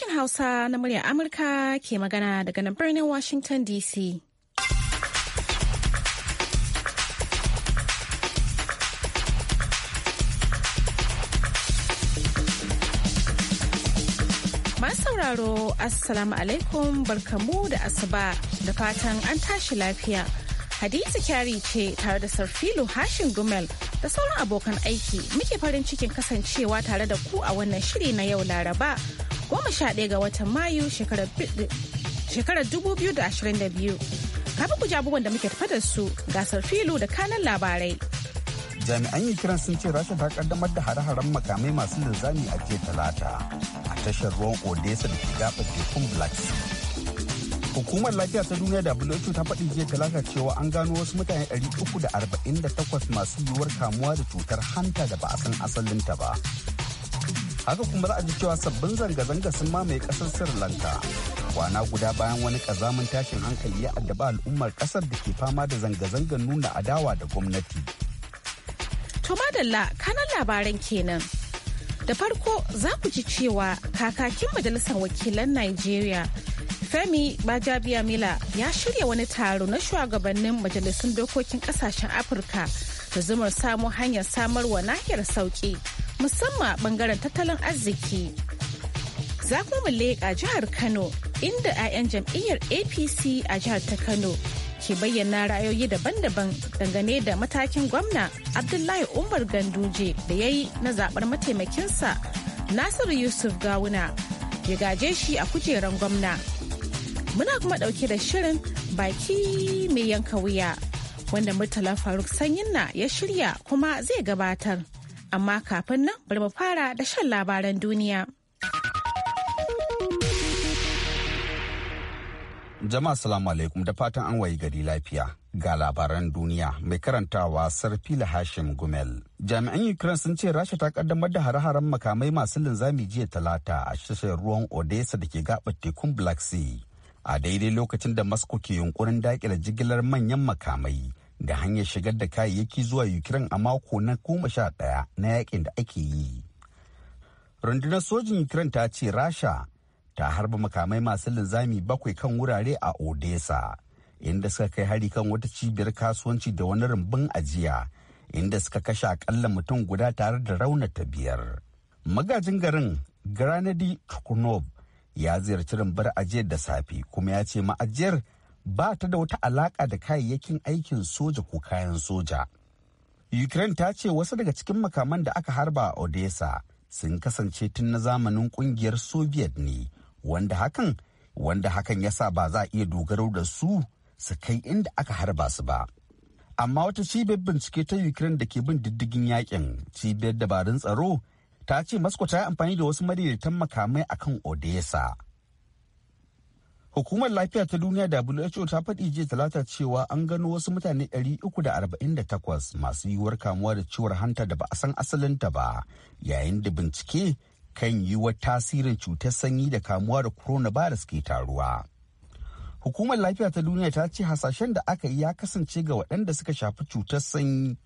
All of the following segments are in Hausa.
Sashen Hausa na muryar Amurka ke magana daga nan birnin Washington DC. masauraro sauraro, Assalamu alaikum barkamu da asuba da fatan an tashi lafiya. Hadiza kyari ce tare da Sarfilu Hashin Gumel da sauran abokan aiki muke farin cikin kasancewa tare da ku a wannan shiri na yau Laraba. goma sha ɗaya ga watan mayu shekarar dubu biyu da ashirin da biyu kafin ku ji abubuwan da muke tafa da su gasar filu da kanan labarai jami'an yi kiran sun ce rasha ta kaddamar da hare-haren makamai masu linzami a jiya talata a tashar ruwan odessa da ke gabar tekun black sea hukumar lafiya ta duniya da who ta faɗi jiya talata cewa an gano wasu mutane uku da da arba'in takwas masu yiwuwar kamuwa da cutar hanta da ba a san asalinta ba haka kuma za ji cewa sabbin zanga-zanga sun mamaye kasar sri lanka kwana guda bayan wani kazamin tashin hankali ya addaba al'ummar kasar da ke fama da zanga zangan nuna adawa da gwamnati to madalla kanan labaran kenan da farko za ku ji cewa kakakin majalisar wakilan nigeria Femi Bajabiya Mila ya shirya wani taro na shugabannin majalisun dokokin kasashen Afirka da zumar samo hanyar samarwa nahiyar sauki musamman bangaren tattalin arziki. Za mu leƙa jihar Kano inda 'ya'yan jam'iyyar APC a jihar ta Kano ke bayyana ra'ayoyi daban-daban dangane da matakin gwamna Abdullahi Umar Ganduje da ya yi na zaɓar mataimakinsa Nasiru Yusuf Gawuna ya gaje shi a kujeran gwamna. Muna kuma ɗauke da shirin baki mai yanka wuya wanda Murtala Faruk Sanyinna ya shirya kuma zai gabatar. amma kafin nan bari mu fara da shan labaran duniya. Jama'a salamu alaikum da fatan an wayi gari lafiya ga labaran duniya mai karantawa sarfila Hashim Gumel. Jami'an Ukraine sun ce Rasha ta kaddamar da hare-haren makamai masu linzami jiya talata a tashar ruwan Odessa da ke gabar tekun Black Sea. A daidai lokacin da Moscow ke yunkurin dakile jigilar manyan makamai da hanyar shigar da kayayyaki zuwa ukraine a mako na goma sha daya na yakin da ake yi rundunar sojin ukraine ta ce rasha ta harba makamai masu linzami bakwai kan wurare a odessa inda suka kai hari kan wata cibiyar kasuwanci da wani rumbun ajiya inda suka kashe akalla mutum guda tare da ta biyar magajin garin granadi chukunov ya ziyarci rumbar ajiyar da safe kuma ya ce ma'ajiyar ba ta da wata alaƙa da kayayyakin aikin soja ko kayan soja. Ukraine ta ce wasu daga cikin makaman da aka harba a Odessa sun kasance tun na zamanin kungiyar Soviet ne, wanda hakan wanda hakan ya sa ba za a iya dogaro da su su kai inda aka harba su ba. Amma wata cibiyar bincike ta Ukraine da ke bin diddigin yakin cibiyar dabarun tsaro ta ce Moscow ta yi amfani da wasu madaidaitan makamai akan Odessa. Hukumar lafiya ta duniya WHO ta faɗi jiya talata cewa an gano wasu mutane 348 masu yiwuwar kamuwa da ciwon hanta da ba a san asalinta ba yayin da bincike kan yiwuwar tasirin cutar sanyi da kamuwa da coronavirus ke taruwa. Hukumar lafiya ta duniya ta ce hasashen da aka yi ya kasance ga waɗanda suka shafi cutar sanyi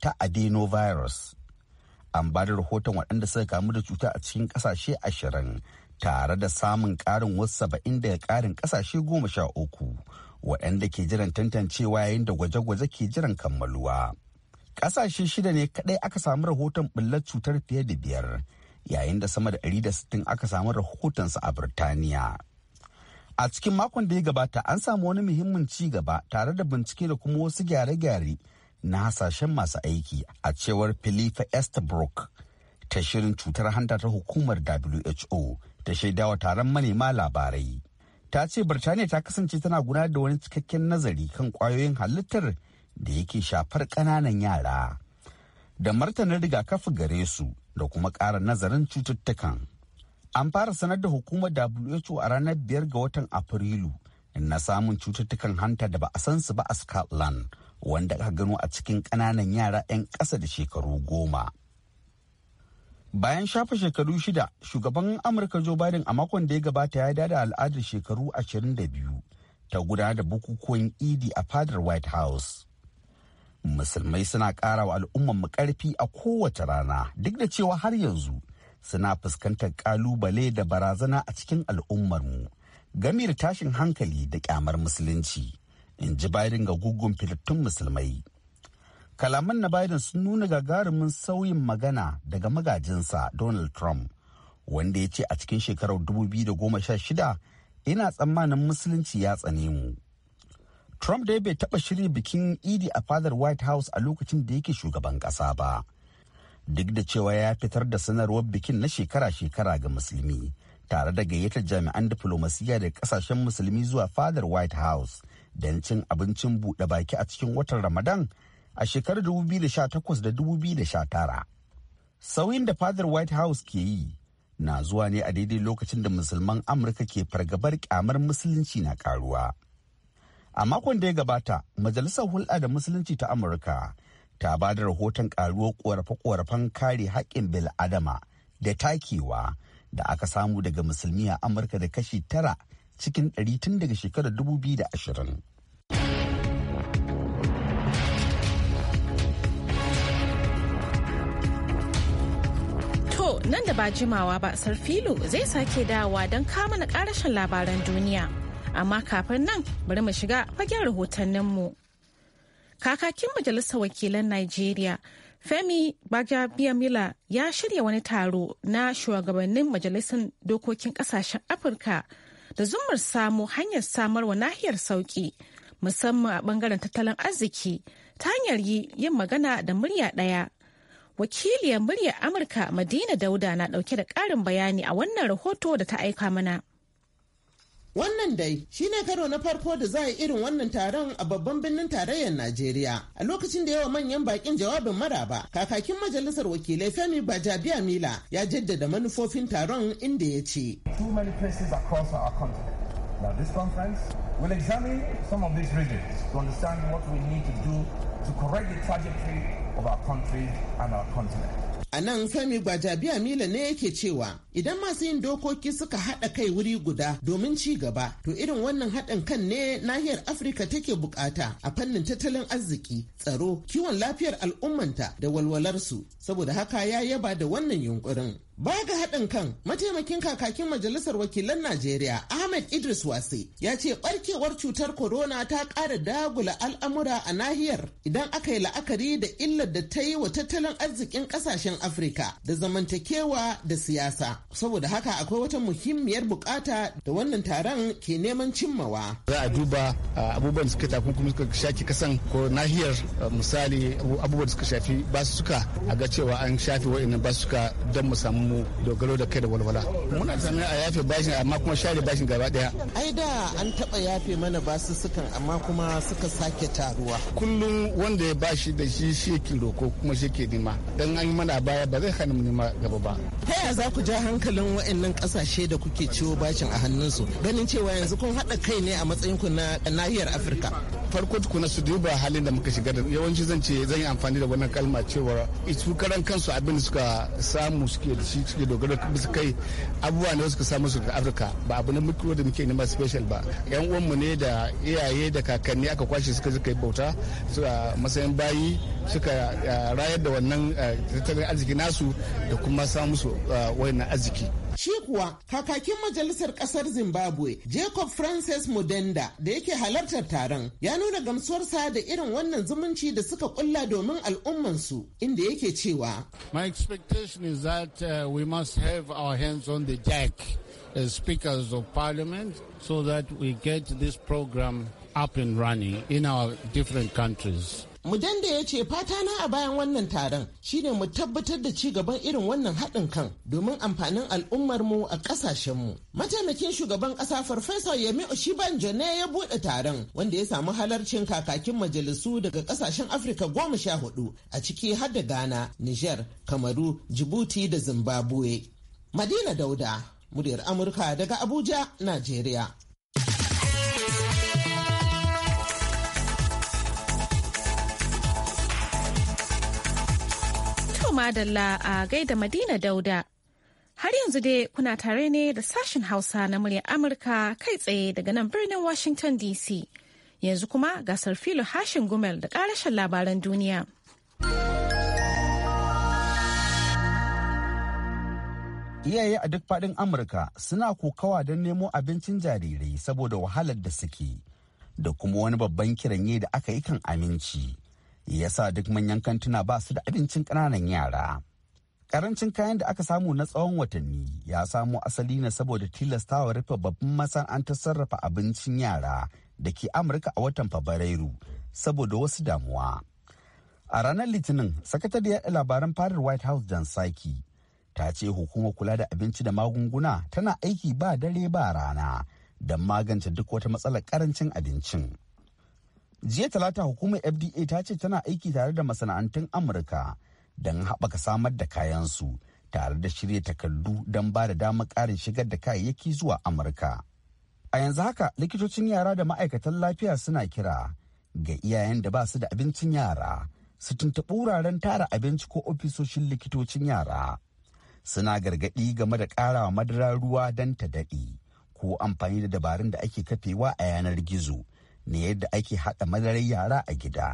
ta adenovirus. An ba da rahoton waɗanda suka kamu da cuta a cikin ƙasashe ashirin tare da samun karin wasu saba'in daga karin kasashe goma sha uku waɗanda ke jiran tantancewa yayin da gwaje-gwaje ke jiran kammaluwa. Ƙasashe shida ne kaɗai aka samu rahoton ɓullar cutar fiye da biyar yayin da sama da ɗari da sittin aka samu rahotonsa a Birtaniya. A cikin makon da ya gabata an samu wani muhimmin ci gaba tare da bincike da kuma wasu gyare-gyare na hasashen masu aiki a cewar Philippa Estabrook ta shirin cutar hanta ta hukumar WHO ta shaidawa taron manema labarai ta ce birtaniya ta kasance tana gudanar da wani cikakken nazari kan kwayoyin halittar da yake shafar kananan yara da martanin rigakafi gare su da kuma ƙara nazarin cututtukan an fara sanar da hukumar who a ranar biyar ga watan afrilu na samun cututtukan hanta da ba a san su ba a scotland wanda aka gano a cikin kananan yara 'yan ƙasa da shekaru goma. bayan shafa shekaru shida shugaban amurka joe biden a makon da ya gabata ya dada al'adar shekaru 22 ta gudanar da bukukuwan idi a fadar white house musulmai suna ƙara wa al'ummanmu ƙarfi a kowace rana duk da cewa har yanzu suna fuskantar ƙalubale da barazana a cikin al'ummarmu game da tashin hankali da ƙyamar musulunci in ji biden ga gugun fitattun musulmai kalaman na biden sun nuna gagarumin sauyin magana daga magajinsa donald trump wanda ya ce a cikin shekarar 2016 ina tsammanin musulunci ya tsane mu trump dai bai taɓa shirya bikin idi a fadar white house a lokacin da yake shugaban ƙasa ba duk da cewa ya fitar da sanarwar bikin na shekara-shekara ga musulmi tare da gayyatar jami'an diflomasiyya da kasashen musulmi zuwa fadar white house don cin abincin buɗe baki a cikin watan ramadan a shekarar 2018 da 2019. Sauyin da fadar White House ke yi na zuwa ne a daidai lokacin da musulman Amurka ke fargabar kyamar musulunci na karuwa. A makon da ya gabata, Majalisar Hulɗa da Musulunci ta Amurka ta ba da rahoton karuwar ƙorafe korafen kare haƙƙin bil'adama da takewa da aka samu daga musulmi a Amurka da kashi tara cikin ɗari tun daga shekarar 2020. Nan da ba jimawa ba filo zai sake dawowa don kama na karashin labaran duniya. Amma kafin nan bari mu shiga fagen rahotanninmu. Kakakin Majalisar Wakilan nigeria Femi Bajabiyamila ya shirya wani taro na shugabannin majalisar dokokin kasashen Afirka da zumar samu hanyar samarwa nahiyar sauki musamman a bangaren tattalin arziki ta hanyar yi yin magana da murya ɗaya wakiliyar muryar amurka madina dauda na dauke da karin bayani a wannan rahoto da ta aika mana Wannan dai shine karo na farko da za a yi irin wannan taron a babban birnin tarayyar Najeriya. A lokacin da yawa manyan bakin jawabin maraba, kakakin majalisar wakilai Femi Bajabiya Mila ya jaddada manufofin taron inda ya ce. Too Now examine some of these regions to understand what we need to to correct the of our country and our continent. A nan Femi Gbajabiya Mila ne yake cewa idan masu yin dokoki suka haɗa kai wuri guda domin ci gaba to irin wannan haɗin kan ne nahiyar Afirka take bukata a fannin tattalin arziki, tsaro, kiwon lafiyar al'ummanta da walwalarsu saboda haka ya yaba da wannan yunkurin. Baya ga haɗin kan mataimakin kakakin majalisar wakilan Najeriya Ahmed Idris Wase ya ce ɓarkewar cutar corona ta ƙara dagula al'amura a nahiyar idan aka yi la'akari da illar da ta yi wa tattalin arzikin ƙasashen Afirka da zamantakewa da siyasa. Saboda haka akwai wata muhimmiyar bukata da wannan taron ke neman cimmawa. Za a duba abubuwan da suka takunkumi suka shafi kasan ko nahiyar misali abubuwan da suka shafi basu suka a ga cewa an shafi wa'annan basu suka don mu samu mu dogaro da kai da walwala muna a yafe bashin amma kuma share bashin gaba daya ai da an taba yafe mana sukan amma kuma suka sake taruwa kullum wanda ya bashi da shi shi yake roko kuma shi ke nima dan an yi mana baya ba zai hana mu nima gaba ba ta yaya za ku ja hankalin waɗannan kasashe da kuke ciwo bashin a hannunsu ganin cewa yanzu kun haɗa kai ne a matsayin ku na nahiyar afirka farko tukuna su duba halin da muka shiga da yawanci zan ce zan yi amfani da wannan kalma cewa su karan kansu abin da suka samu suke da shi shi suke dogara bisa kai abubuwa ne suka samu su afirka ba abu na mikro da muke nema special ba yan uwanmu ne da iyaye da kakanni aka kwashe suka suka yi bauta a matsayin bayi suka eh, rayar da wannan eh, tattalin arziki nasu da kuma samu su eh, wayannan arziki Shi kuwa kakakin majalisar ƙasar Zimbabwe Jacob Francis Modenda, da yake halartar taron ya nuna gamsuwarsa da irin wannan zumunci da suka kulla domin al'ummansu inda yake cewa. My expectation is that uh, we must have our hands on the jack as speakers of parliament so that we get this program up and running in our different countries. Mudanda ya ce fata na a bayan wannan taron shine mu tabbatar da ci gaban irin wannan haɗin kan domin amfanin al'ummarmu a ƙasashen mu. Mataimakin shugaban ƙasa Farfesa Yemi Oshibanjo ne ya buɗe taron wanda ya samu halarcin kakakin majalisu daga ƙasashen Afirka goma sha hudu a ciki har da Ghana, Niger, Kamaru, Djibouti da Zimbabwe. Madina Dauda, muryar Amurka daga Abuja, Najeriya. madalla a gaida Madina Dauda. Har yanzu dai kuna tare ne da sashen Hausa na muryar Amurka kai tsaye daga nan birnin Washington DC. Yanzu kuma gasar filo hashin gumel da karashen labaran duniya. Iyaye a duk fadin Amurka suna kokawa don nemo abincin jarirai saboda wahalar da suke da kuma wani babban kiranye da aka yi kan aminci. yasa duk manyan kantuna ba su da abincin ƙananan yara karancin kayan da aka samu na tsawon watanni ya samo asali ne saboda tilastawa rufe babban masana'antar sarrafa abincin yara da ke amurka a watan fabrairu saboda wasu damuwa a ranar litinin sakatariyar labaran fadar white house jan saki ta ce hukumar kula da abinci da magunguna tana aiki ba dare ba rana don magance duk wata matsalar karancin abincin jiya talata hukumar fda ta ce tana aiki tare da masana'antun amurka don haɓaka samar da kayansu tare da shirya takardu don ba da damar ƙarin shigar da kayayyaki zuwa amurka a yanzu haka likitocin yara da ma'aikatan lafiya suna kira ga iyayen da ba su da abincin yara su tuntuɓi wuraren tara abinci ko ofisoshin likitocin yara suna gargaɗi game da ƙarawa madara ruwa don ta daɗe ko amfani da dabarun da ake kafewa a yanar gizo ne yadda ake haɗa madarar yara a gida.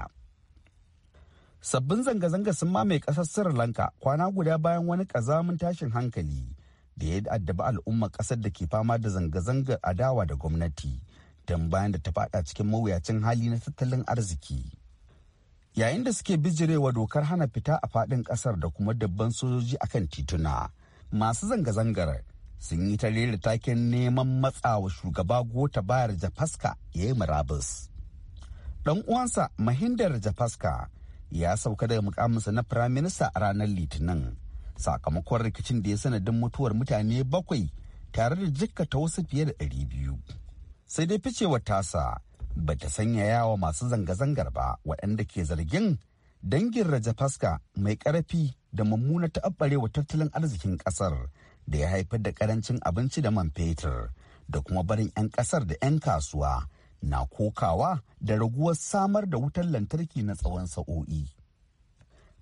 Sabbin zanga-zanga sun mamaye ƙasar Sri Lanka kwana guda bayan wani ƙazamin tashin hankali da ya addaba al'ummar ƙasar da ke fama da zanga-zangar adawa da gwamnati don bayan da ta faɗa cikin mawuyacin hali na tattalin arziki. Yayin da suke bijirewa dokar hana fita a faɗin ƙasar da kuma dabban sojoji akan tituna, masu zanga-zangar sun yi ta lera taken neman matsawa shugaba gota bayar jafaska ya yi murabus dan uwansa mahindar jafaska ya sauka daga mukaminsa na firaminista a ranar litinin sakamakon rikicin da ya sanadin mutuwar mutane bakwai tare da jikkata wasu fiye da ɗari biyu sai dai ficewar tasa ba ta sanya yawa masu zanga-zangar ba waɗanda ke zargin dangin rajafaska mai ƙarfi da mummuna taɓarewa tattalin arzikin ƙasar da ya haifar da karancin abinci da man fetur da kuma barin 'yan kasar da 'yan kasuwa na kokawa da raguwar samar da wutar lantarki na tsawon sa'o'i.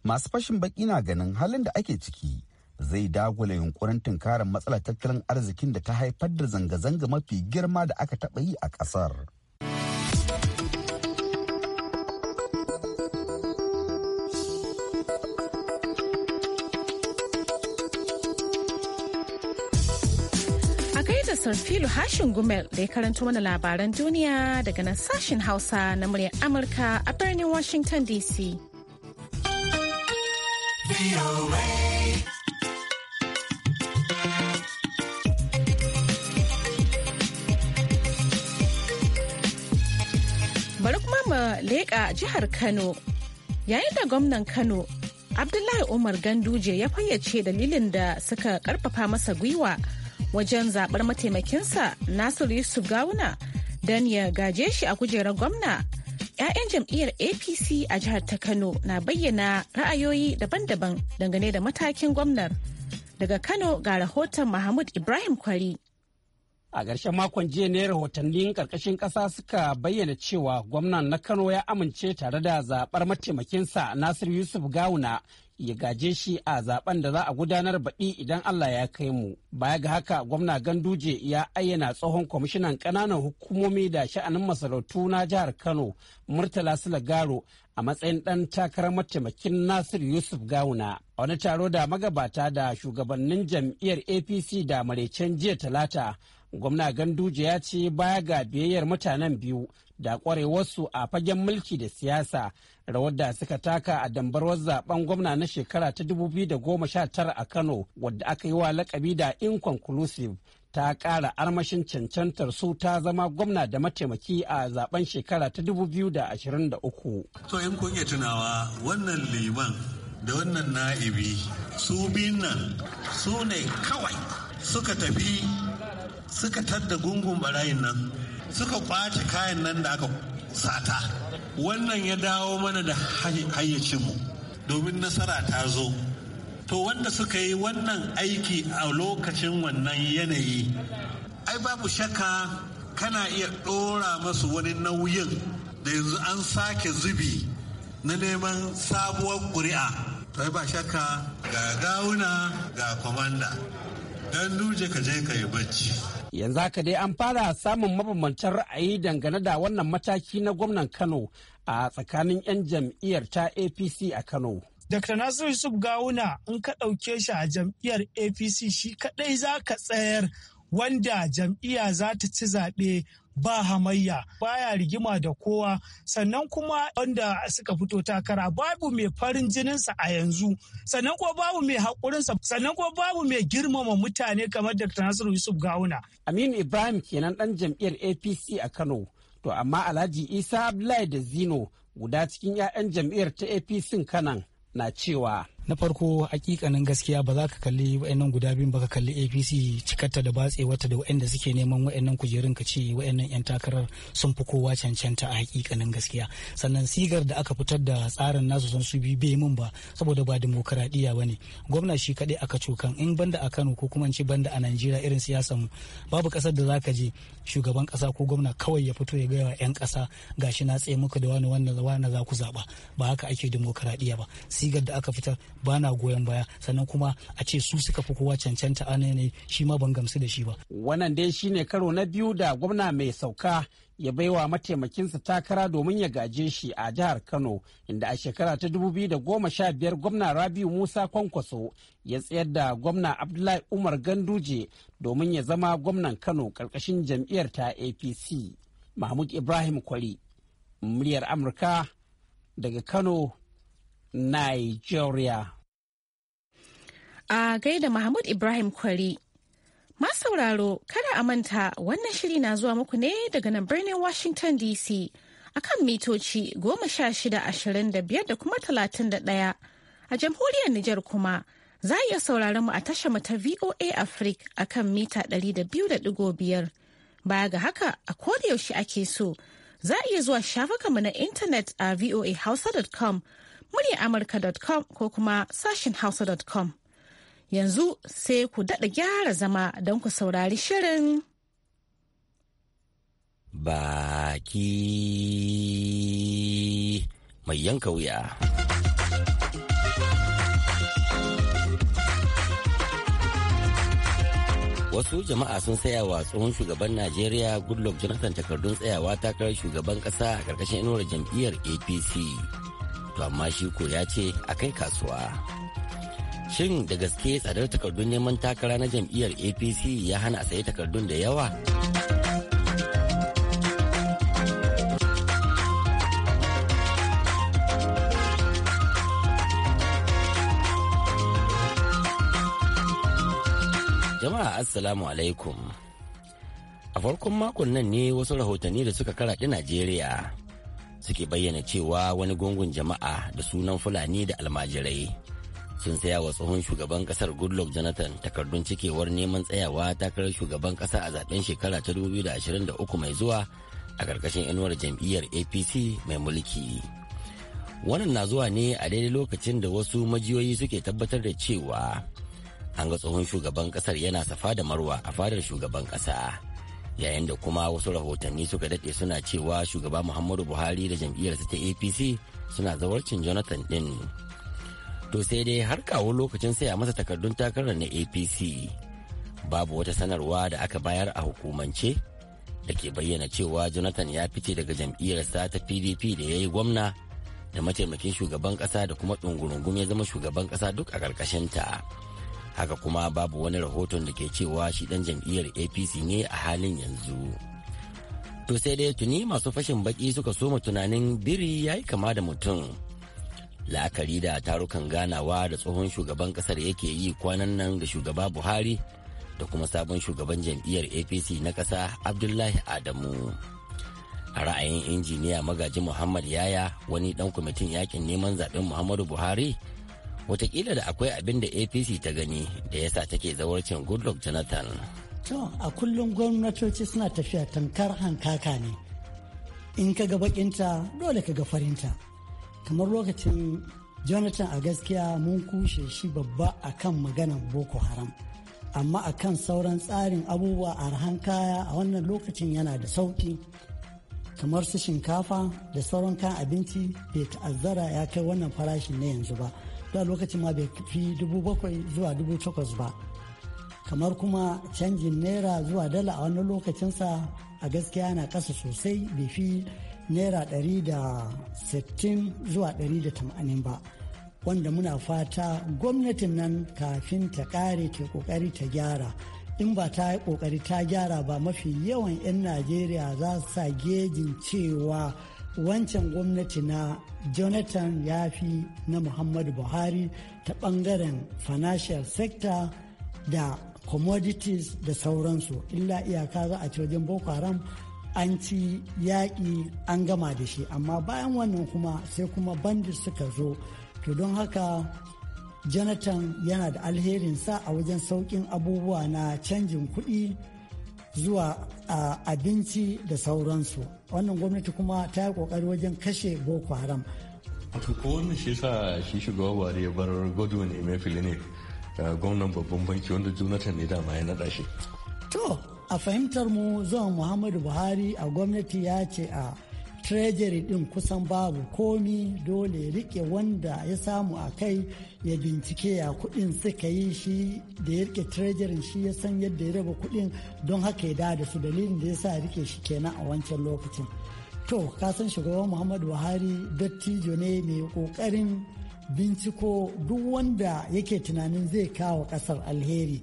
Masu fashin baki na ganin halin da ake ciki zai dagula yunkurin tunkarar matsalar tattalin arzikin da ta haifar da zanga-zanga mafi girma da aka taɓa yi a ƙasar. filu Hashin Gumel da ya karanto mana labaran duniya daga nan sashen Hausa na muryar Amurka a birnin Washington DC. Bari kuma mu leƙa jihar Kano yayin da gwamnan Kano Abdullahi Umar Ganduje ya fayyace dalilin da suka karfafa masa gwiwa wajen zaɓar mataimakinsa nasir Yusuf Gawuna don ya gaje shi a kujerar gwamna. 'Ya'yan jam'iyyar APC a jihar ta Kano na bayyana ra'ayoyi daban-daban dangane da matakin gwamnar. Daga Kano ga rahoton Mahmud Ibrahim Kwari. A ƙarshen makon jiya ne rahotannin ƙarƙashin ƙasa suka bayyana cewa gwamnan na Kano ya amince tare da zaɓar mataimakinsa Nasir Yusuf Gawuna ya gaje shi a zaben da za a gudanar baɗi idan Allah ya kai mu. Baya ga haka gwamna Ganduje ya ayyana tsohon kwamishinan ƙananan hukumomi da sha'anin masarautu na jihar Kano Murtala Sulagaro a matsayin ɗan takarar mataimakin Nasir Yusuf Gawuna. A wani taro da magabata da shugabannin jam'iyyar APC da maraicen jiya talata gwamna ganduje ya ce baya ga biyayyar mutanen biyu da kwarewarsu a fagen mulki da siyasa rawar da suka taka a dambarwar zaben gwamna na shekara ta 2019 a kano wadda aka yi wa lakabi da inconclusive ta kara armashin cancantar su ta zama gwamna da mataimaki a zaben shekara ta 2023 to in kun iya tunawa wannan liman da wannan na'ibi su biyun nan su ne kawai suka tafi suka tadda gungun barayin nan suka kwace kayan nan da aka sata wannan ya dawo mana da hayyacinmu domin nasara ta zo to wanda suka yi wannan aiki a lokacin wannan yanayi ai babu shakka kana iya ɗora masu wani nauyin da yanzu an sake zubi na neman sabuwar ƙuri'a Ta ba shakka ga gawuna ga kwamanda don duje ka je ka yi bacci Yanzu haka dai an fara samun mabambantan ra'ayi dangane da wannan mataki na gwamnan Kano a tsakanin 'yan jam'iyyar ta APC a Kano. Dr. Nasiru Yusuf Gawuna in ka ɗauke shi a jam'iyyar APC shi kaɗai za ka tsayar wanda jam'iyya za ta ci zaɓe ba hamayya baya rigima da kowa sannan kuma wanda suka fito takara babu mai farin jininsa a yanzu sannan kuma babu mai haƙurinsa sannan kuma babu mai girmama mutane kamar dr nasiru yusuf gawuna aminu ibrahim kenan ɗan jam'iyyar apc a kano to amma alhaji isa abdullahi da zino guda cikin 'ya'yan jam'iyyar ta apc kanan na cewa na farko hakikanin gaskiya ba za ka kalli wa'annan guda biyun ba ka kalli apc cikarta da batse wata da wa'anda suke neman wa'annan kujerun ka ce wa'annan yan takarar sun fi kowa cancanta a hakikanin gaskiya sannan sigar da aka fitar da tsarin nasu sun su biyu bai min ba saboda ba demokaradiyya ba ne gwamna shi kaɗai aka cokan in banda a kano ko kuma ci ce banda a najeriya irin siyasa mu babu kasar da za ka je shugaban ƙasa ko gwamna kawai ya fito ya gaya wa 'yan ƙasa gashi na tsaye muka da wani wannan za ku zaɓa ba haka ake demokaradiyya ba sigar da aka fitar ba na goyon baya sannan kuma a ce su suka fi kowa cancanta a ne shi ma ban gamsu da shi ba. Wannan dai ne karo na biyu da gwamna mai sauka ya baiwa mataimakinsa takara domin ya gaje shi a jihar Kano inda a shekara ta dubu da goma sha biyar gwamna Rabiu Musa Kwankwaso ya tsayar da gwamna Abdullahi Umar Ganduje domin ya zama gwamnan Kano karkashin jam'iyyar ta APC. Mahmud Ibrahim Kwari, muryar Amurka daga Kano, Nigeria. A gaida Mahmud Ibrahim Kwari. ma sauraro kada a manta wannan shiri na zuwa muku ne daga nan birnin Washington DC akan mitoci goma sha shida ashirin da biyar da kuma talatin da ɗaya a jamhuriyar Nijar kuma za a iya sauraron mu a tashar mu ta VOA Africa akan mita ɗari da biyu da ɗigo biyar. Baya ga haka a koda yaushe ake so za a iya zuwa shafukanmu na intanet a voahausa.com muryaamurka.com ko kuma sashen hausa.com. Yanzu sai ku daɗa gyara zama don ku saurari shirin. Baki mai yanka wuya. Wasu jama'a sun saya wa tsohon shugaban Najeriya Goodluck Jonathan takardun tsayawa takarar shugaban ƙasa a ƙarƙashin inuwar jam'iyyar APC. to amma shi ko ya ce a kai kasuwa shin da gaske tsadar takardun neman takara na jam'iyyar apc ya hana a sayi takardun da yawa jama'a assalamu alaikum a farkon makon nan ne wasu rahotanni da suka karaɗi najeriya suke bayyana cewa wani gungun jama'a da sunan fulani da almajirai sun saya wa tsohon shugaban kasar goodluck jonathan takardun cikewar neman tsayawa takarar shugaban kasa a zaben shekara ta 2023 mai zuwa a karkashin inuwar jam'iyyar apc mai mulki wannan na zuwa ne a daidai lokacin da wasu majiyoyi suke tabbatar da cewa an ga tsohon shugaban kasar yana safa da marwa a fadar shugaban kasa. yayin da kuma wasu rahotanni suka dade suna cewa shugaba muhammadu buhari da jam'iyyarsa ta apc suna zawarcin jonathan ɗin to sai dai har kawo lokacin sai a masa takardun takarar na apc babu wata sanarwa da aka bayar a hukumance da ke bayyana cewa jonathan ya fice daga jam'iyyarsa ta pdp da ya yi gwamna da mataimakin shugaban kasa da kuma ɗungurungum ya zama shugaban kasa duk a ƙarƙashinta. ta haka kuma babu wani rahoton da ke cewa shi dan jam'iyyar apc ne a halin yanzu to sai dai tuni masu fashin baki suka soma tunanin biri ya yi kama da mutum la'akari da tarukan ganawa da tsohon shugaban kasar yake yi kwanan nan da shugaba buhari da kuma sabon shugaban jam'iyyar apc na ƙasa abdullahi adamu a ra'ayin injiniya magaji muhammad yaya wani dan kwamitin yakin neman zaben muhammadu buhari watakila da akwai abin da apc ta gani da ya sa take zawarcin goodluck jonathan to a kullum gwamnatoci suna tafiya tankar hankaka ne in ka ga bakinta dole ka ga farinta kamar lokacin jonathan a gaskiya mun kushe shi babba a kan maganan boko haram amma a kan sauran tsarin abubuwa a rahan kaya a wannan lokacin yana da sauki kamar su shinkafa da sauran kan abinci bai ta'azzara ya kai wannan farashin na yanzu ba da lokacin ma bai fi dubu bakwai zuwa dubu takwas ba kamar kuma canjin naira zuwa dala a wannan lokacinsa a gaskiya yana ƙasa sosai bai fi naira ɗari da sittin zuwa ɗari da tamanin ba wanda muna fata gwamnatin nan kafin ta ƙare ta ƙoƙari ta gyara in ba ta yi ƙoƙari ta gyara ba mafi yawan 'yan najeriya za su sa gejin cewa wancan gwamnati na jonathan ya fi na muhammadu buhari ta bangaren financial sector da commodities da sauransu illa iyaka za a ci wajen boko haram an ci yaƙi an gama da shi amma bayan wannan kuma sai kuma bandit suka zo to don haka jonathan yana da alherinsa a wajen sauƙin abubuwa na canjin kuɗi zuwa a abinci da sauransu wannan gwamnati kuma ta yi kokari wajen kashe boko haram ko wannan shi sa shi shugaba buhari ya bar mai fili ne gwamnan babban banki wanda jonathan ne dama ya naɗa shi to a fahimtar mu zuwa muhammadu buhari a gwamnati ya ce a treasury din kusan babu komi dole rike wanda ya samu a kai ya bincike ya kudin suka yi shi da ya rike treasury shi ya san yadda ya raba kudin don haka ya da su dalilin da ya sa rike shi kenan a wancan lokacin to kasan shugaban muhammadu buhari dattijo ne mai kokarin binciko duk wanda yake tunanin zai kawo kasar alheri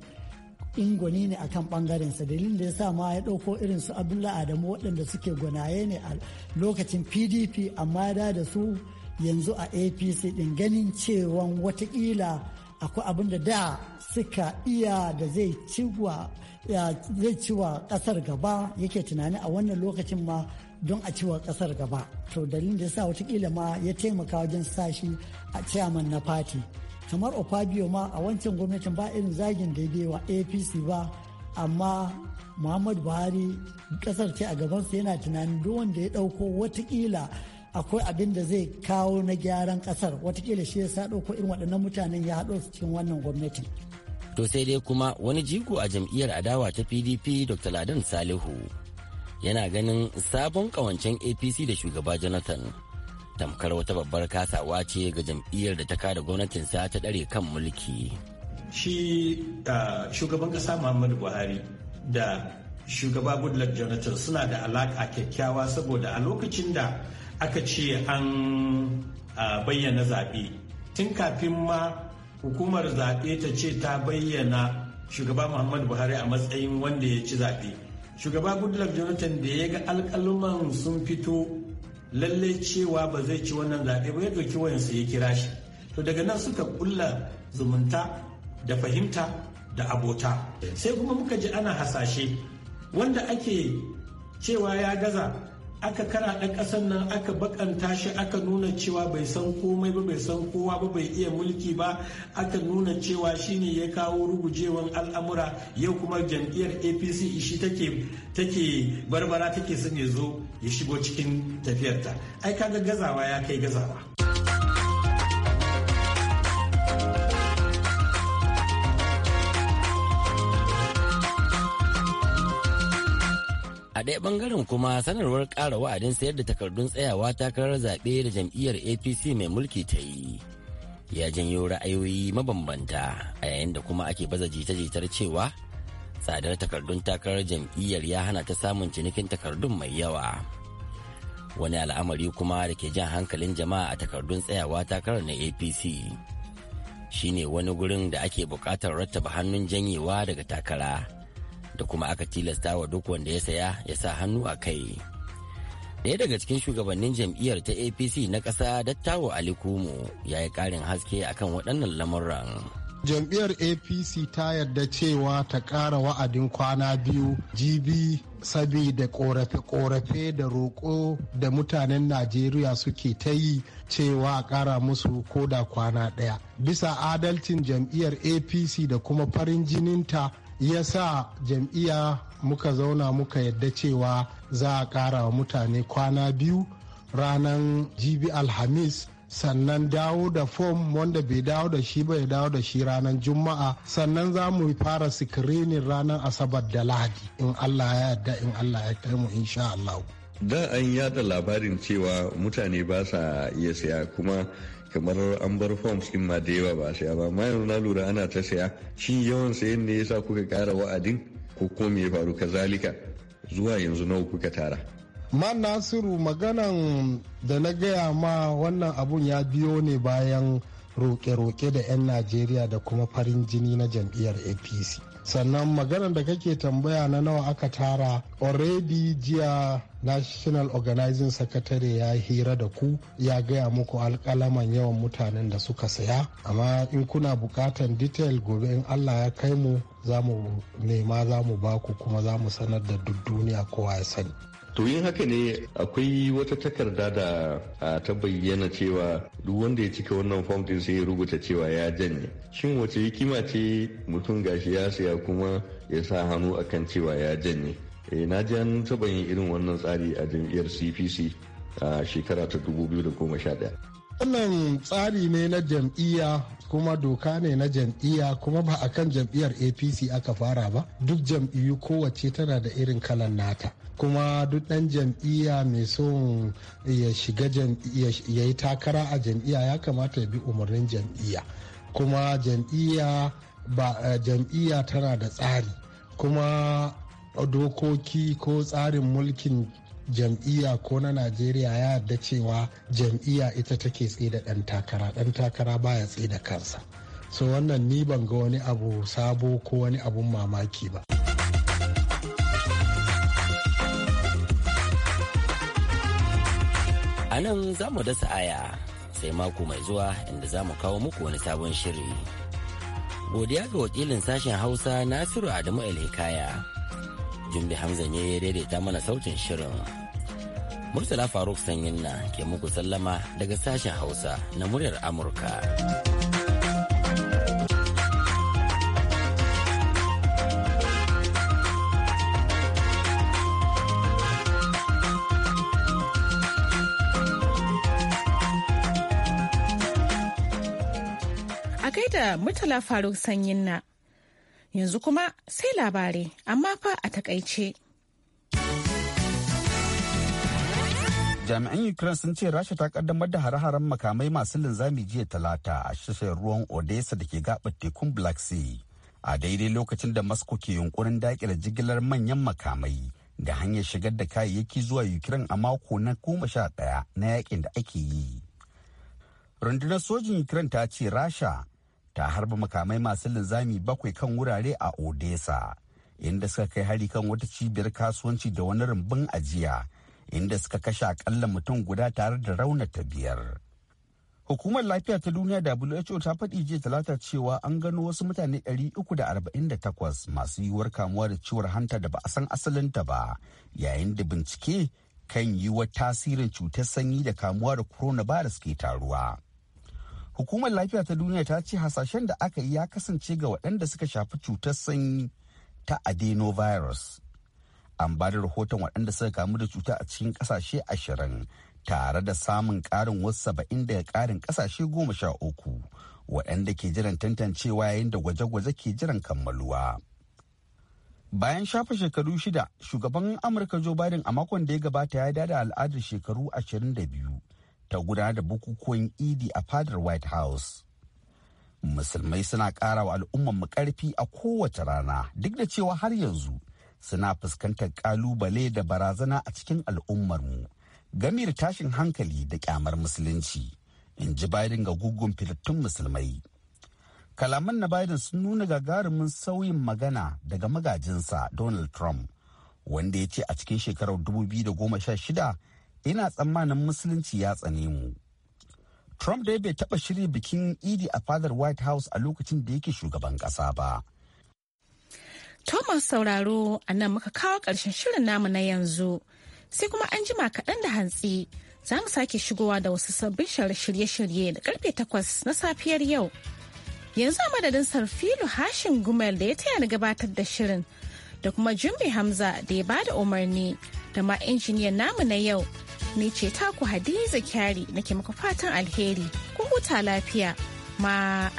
ingoni ne akan bangaren sa dalilin da yasa ma ya dauko irin su Abdullahi Adamu waɗanda suke gwanaye ne a lokacin PDP amma da da su yanzu a APC din ganin cewa watakila akwai abin da da suka iya da zai ciwa zai ciwa kasar gaba yake tunani a wannan lokacin ma don a ciwa ƙasar gaba to dalilin da yasa watakila ma ya taimaka wajen sashi a chairman na fati kamar Opabio ma a wancan gwamnatin ba irin zagin daidai wa APC ba amma Muhammadu Buhari kasar ce a gabansa yana tunanin duk wanda ya dauko watakila akwai abin da zai kawo na gyaran kasar watakila shi sa dauko irin waɗannan mutanen ya haɗo su cikin wannan gwamnati. To sai dai kuma wani jigo a jam'iyyar adawa ta PDP Dr. Ladan Salihu yana ganin sabon kawancen APC da shugaba Jonathan tamkar wata babbar kasawa ce ga jam'iyyar da ta kada gwamnatinsa ta ɗare kan mulki. Shi uh, shugaban ƙasa Muhammadu Buhari da shugaba Goodluck Jonathan suna da alaƙa kyakkyawa saboda a lokacin da aka ce an uh, bayyana zaɓe tun kafin ma hukumar zaɓe ta ce ta bayyana shugaba Muhammadu Buhari a matsayin wanda ya ci zaɓe. Shugaba Goodluck Jonathan da ya ga alƙaluman sun fito lallai cewa ba zai ci wannan zaɓe ba ya ɗauki wayansu ya kira shi to daga nan suka ƙulla zumunta da fahimta da abota sai kuma muka ji ana hasashe wanda ake cewa ya gaza aka karaɗa ɗan ƙasar nan aka bakanta shi aka nuna cewa bai san komai ba bai san kowa ba bai iya mulki ba aka nuna cewa shi ne ya kawo rugujewan al'amura yau kuma jam'iyyar apc shi take take barbara take son ya zo ya shigo cikin tafiyarta ai kaga gazawa ya kai gazawa ɗaya ɓangaren kuma sanarwar ƙara wa'adin sayar da takardun tsayawa takarar zaɓe da jam'iyyar apc mai mulki ta yi ya janyo ra'ayoyi mabambanta a yayin da kuma ake baza jita-jitar cewa tsadar takardun takarar jam'iyyar ya hana ta samun cinikin takardun mai yawa wani al'amari kuma da ke jan hankalin jama'a a takardun tsayawa takarar na apc shine wani gurin da ake buƙatar rattaba hannun janyewa daga takara da kuma aka tilasta wa duk wanda ya saya ya sa hannu a kai ɗaya daga cikin shugabannin jam'iyyar ta apc na ƙasa dattawo ali ya yi ƙarin haske akan waɗannan lamuran jam'iyyar apc ta yarda cewa ta ƙara wa'adin kwana biyu gb sabida ƙorafe-ƙorafe da roƙo da mutanen najeriya suke ta yi cewa a ƙara musu koda kwana ɗaya bisa adalcin jam'iyyar apc da kuma farin jininta ya sa jam'iyya muka zauna muka yadda cewa za a ƙara wa mutane kwana biyu ranan jibi alhamis sannan dawo da fom wanda bai dawo da shi ba ya dawo da shi ranar juma'a sannan za mu fara sikirinin ranar asabar da lahadi in allah ya yarda in allah ya kai mu insha allah da an yada labarin cewa mutane ba sa iya saya kuma kamar an bar forms din ma da yawa ba a saya ba amma yanzu na lura ana ta saya shi yawan sayan ne yasa kuka kara wa'adin ko ko me ya faru kazalika zuwa yanzu nawa kuka tara man nasiru maganan da na gaya ma wannan abun ya biyo ne bayan roke-roke da 'yan najeriya da kuma farin jini na jam'iyyar apc sannan maganan da kake tambaya na nawa aka tara already jiya national organizing secretary ya hira da ku ya gaya muku alkalaman yawan mutanen da suka saya amma in kuna bukatan detail gobe in allah ya kai mu za mu nema za mu baku kuma za mu sanar da duk duniya kowa ya sani to yin haka ne akwai wata takarda da ta bayyana cewa duk wanda ya cika wannan fom din sai ya rubuta cewa ya janye shin wace hikima ce mutum gashi ya saya kuma ya sa hannu akan cewa ya janye eh na ji an taɓa yin irin wannan tsari a jam'iyyar cpc a shekara ta 2011 wannan tsari ne na jam'iyya kuma doka ne na jam'iyya kuma ba a kan jam'iyyar apc aka fara ba duk jam'iyyu kowace tana da irin kalan nata kuma duk ɗan jam'iyya mai son ya shiga ya yi takara a jam'iyya ya kamata ya bi umarnin jam'iyya kuma jam'iyya eh, tana da tsari kuma dokoki ko tsarin mulkin jam'iyya ko na najeriya ya yarda cewa jam'iyya ita take tsida ɗan takara ɗan takara baya tsida kansa so wannan ni ban ga wani abu sabo ko wani abun mamaki ba a nan za mu dasa aya sai mako mai zuwa inda za mu kawo muku wani sabon shiri godiya ga wakilin sashen hausa nasiru adamu el jumbe Hamza ne ya daidaita mana sautin shirin. Murtala Faruk Sanyin na ke muku sallama daga sashen Hausa na muryar Amurka. A kai da Murtala Faruk Sanyin na Yanzu kuma sai labarai, amma fa a takaice. Jami'an Ukraine sun ce Rasha ta kaddamar da hare-haren makamai masu linzami jiya talata a shishiyar ruwan Odessa da ke gabar tekun Black Sea. A daidai lokacin da Moscow ke yunkurin dakile jigilar manyan makamai da hanyar shigar da kayayyaki zuwa Ukraine a mako na goma sha ɗaya na yakin da ake yi. Rundunar sojin Ukraine ta ce Rasha ta harba makamai masu linzami bakwai kan wurare a odessa inda suka kai hari kan wata cibiyar kasuwanci da wani rumbun ajiya inda suka kashe akalla mutum guda tare da rauna ta biyar hukumar lafiya ta duniya who ta faɗi jiya talata cewa an gano wasu mutane 348 masu yiwuwar kamuwa da ciwon hanta da ba a san asalinta ba yayin da bincike kan yiwuwar tasirin cutar sanyi da kamuwa da coronavirus ke taruwa. Hukumar lafiya ta duniya ta ce hasashen da aka yi ya kasance ga waɗanda suka shafi cutar sanyi ta adenovirus. An ba da rahoton waɗanda suka kamu da cuta a cikin ƙasashe ashirin tare da samun ƙarin wasu saba'in daga ƙarin ƙasashe goma sha uku waɗanda ke jiran tantancewa yayin da gwaje-gwaje ke jiran kammaluwa. Bayan shafa shekaru shida, shugaban Amurka Joe Biden a makon da ya gabata ya dada al'adar shekaru ashirin da biyu ta gudanar da bukukuwan idi a fadar white house musulmai suna ƙara wa al'ummanmu ƙarfi a kowace rana duk da cewa har yanzu suna fuskantar ƙalubale da barazana a cikin al'ummarmu game da tashin hankali da ƙyamar musulunci in ji biden ga gugun fitattun musulmai kalaman na biden sun nuna gagarumin sauyin magana daga magajinsa donald trump wanda ya ce a cikin shekarar 2016 ina tsammanin musulunci ya tsane mu trump dai bai taba shirya bikin idi a fadar white house a lokacin da yake shugaban kasa ba thomas sauraro a nan muka kawo ƙarshen shirin namu na yanzu sai kuma an jima kaɗan da hantsi za mu sake shigowa da wasu sabbin shirye-shirye da karfe takwas na safiyar yau yanzu a madadin sarfilu hashin gumel da ya taya ni gabatar da shirin da kuma jumbe hamza da ya bada umarni da ma injiniyan namu na yau ni ce taku Hadiza Kyari nake muka fatan alheri, ku huta lafiya, ma